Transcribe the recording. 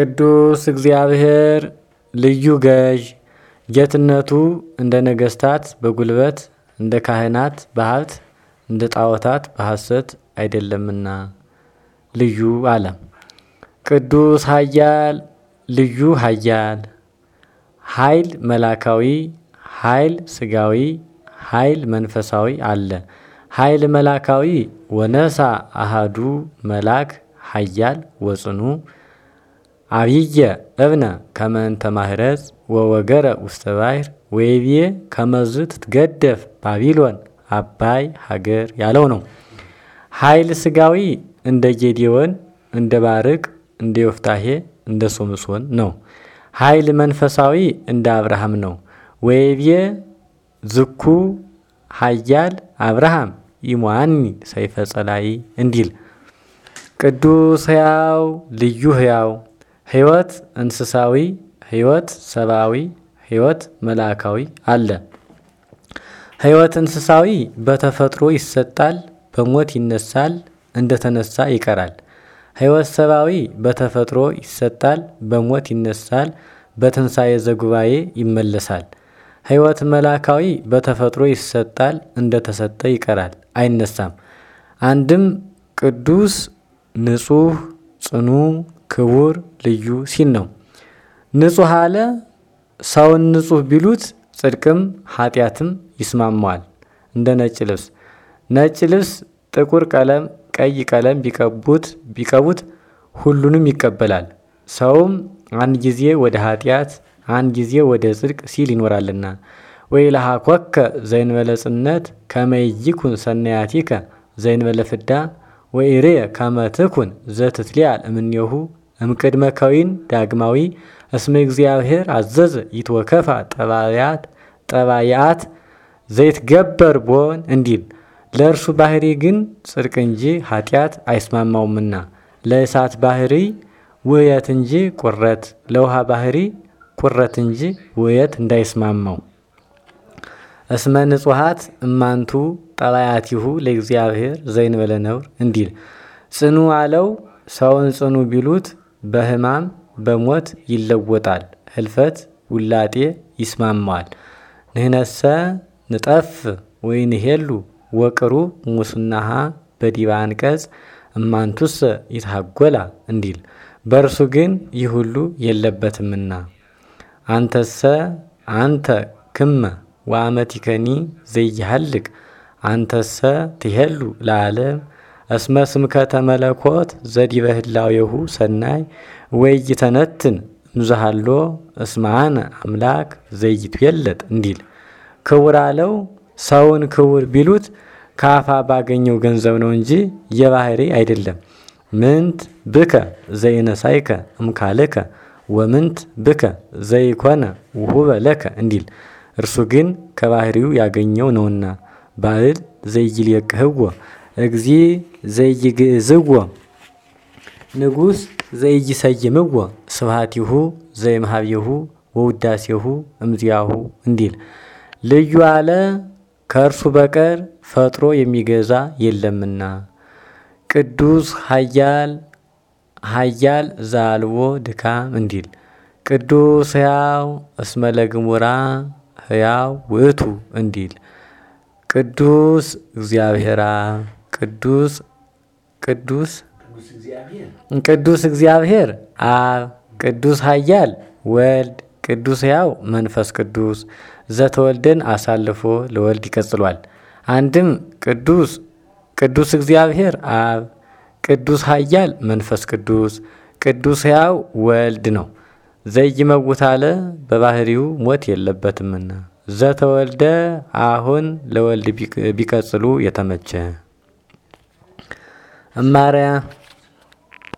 ቅዱስ እግዚአብሔር ልዩ ገዥ ጌትነቱ እንደ ነገስታት በጉልበት እንደ ካህናት በሀብት እንደ ጣዖታት በሐሰት አይደለምና ልዩ አለ። ቅዱስ ኃያል ልዩ ኃያል ኃይል መላካዊ ኃይል ስጋዊ ኃይል መንፈሳዊ አለ። ኃይል መላካዊ ወነሳ አሃዱ መላክ ኃያል ወጽኑ አብየ እብነ ከመንተ ማህረዝ ወወገረ ውስተ ባሕር ወይቤ ከመዝ ትትገደፍ ባቢሎን አባይ ሀገር ያለው ነው። ኃይል ስጋዊ እንደ ጌዲዮን፣ እንደ ባርቅ፣ እንደ ዮፍታሄ፣ እንደ ሶምሶን ነው። ኃይል መንፈሳዊ እንደ አብርሃም ነው። ወይቤ ዝኩ ሀያል አብርሃም ይሟኒ ሰይፈ ጸላይ እንዲል ቅዱስ ሕያው ልዩ ሕያው ህይወት እንስሳዊ ህይወት ሰብአዊ ህይወት መላእካዊ አለ። ህይወት እንስሳዊ በተፈጥሮ ይሰጣል፣ በሞት ይነሳል፣ እንደተነሳ ይቀራል። ህይወት ሰብአዊ በተፈጥሮ ይሰጣል፣ በሞት ይነሳል፣ በትንሣኤ ዘጉባኤ ይመለሳል። ህይወት መላካዊ በተፈጥሮ ይሰጣል፣ እንደተሰጠ ይቀራል፣ አይነሳም። አንድም ቅዱስ ንጹህ ጽኑ ክቡር ልዩ ሲል ነው። ንጹሕ አለ። ሰውን ንጹሕ ቢሉት ጽድቅም ኃጢአትም ይስማማዋል እንደ ነጭ ልብስ። ነጭ ልብስ ጥቁር ቀለም፣ ቀይ ቀለም ቢቀቡት ቢቀቡት ሁሉንም ይቀበላል። ሰውም አንድ ጊዜ ወደ ኃጢአት አንድ ጊዜ ወደ ጽድቅ ሲል ይኖራልና። ለሃ ኮከ ዘይንበለጽነት ከመይይኩን ሰናያቲከ ዘይንበለፍዳ ወይ ሬ ከመትኩን ዘትትሊያል እምኔሁ እምቅድመ ከዊን ዳግማዊ እስመ እግዚአብሔር አዘዘ ይትወከፋ ጠባያት ጠባያት ዘይትገበር ቦን እንዲል ለእርሱ ባህሪ ግን ጽድቅ እንጂ ኃጢአት አይስማማውምና ለእሳት ባህሪ ውየት እንጂ ቁረት ለውሃ ባህሪ ቁረት እንጂ ውየት እንዳይስማማው እስመ ንጹሃት እማንቱ ጠባያቲሁ ለእግዚአብሔር ዘይንበለ ነውር እንዲል ጽኑ አለው ሰውን ጽኑ ቢሉት በህማም በሞት ይለወጣል። ህልፈት ውላጤ ይስማማል። ንህነሰ ንጠፍ ወይን ሄሉ ወቅሩ ሙስናሃ በዲበ አንቀጽ እማንቱስ ይታጎላ እንዲል በእርሱ ግን ይህ ሁሉ የለበትምና። አንተሰ አንተ ክመ ወአመቲከኒ ዘይሃልቅ አንተሰ ትሄሉ ለዓለም እስመ ስምከተ መለኮት ዘዲበ ህላዌሁ ሰናይ ተነትን ምዛሃሎ እስማነ አምላክ ዘይቱ የለጥ እንዲል ክቡር አለው። ሰውን ክቡር ቢሉት ካፋ ባገኘው ገንዘብ ነው እንጂ የባህሪ አይደለም። ምንት ብከ ዘይነሳይከ እምካልከ ወምንት ብከ ዘይኮነ ውሁበ ለከ እንዲል እርሱ ግን ከባህሪው ያገኘው ነውና ባዕል ዘይልየቅህዎ እግዚ ዘይግእዝዎ ንጉስ ዘይይሰይምዎ ስብሐቲሁ ዘይምሃብየሁ ወውዳሴሁ እምዚያሁ እንዲል ልዩ አለ ከእርሱ በቀር ፈጥሮ የሚገዛ የለምና ቅዱስ ሀያል ሀያል ዛልዎ ድካም እንዲል ቅዱስ ሕያው እስመ ለግሙራ ሕያው ውእቱ እንዲል ቅዱስ እግዚአብሔራ ቅዱስ ቅዱስ ቅዱስ እግዚአብሔር አብ ቅዱስ ኃያል ወልድ ቅዱስ ያው መንፈስ ቅዱስ ዘተወልደን አሳልፎ ለወልድ ይቀጽሏል። አንድም ቅዱስ ቅዱስ እግዚአብሔር አብ ቅዱስ ኃያል መንፈስ ቅዱስ ቅዱስ ያው ወልድ ነው። ዘይመውታለ በባህሪው ሞት የለበትምና ዘተወልደ አሁን ለወልድ ቢቀጽሉ የተመቸ እማርያ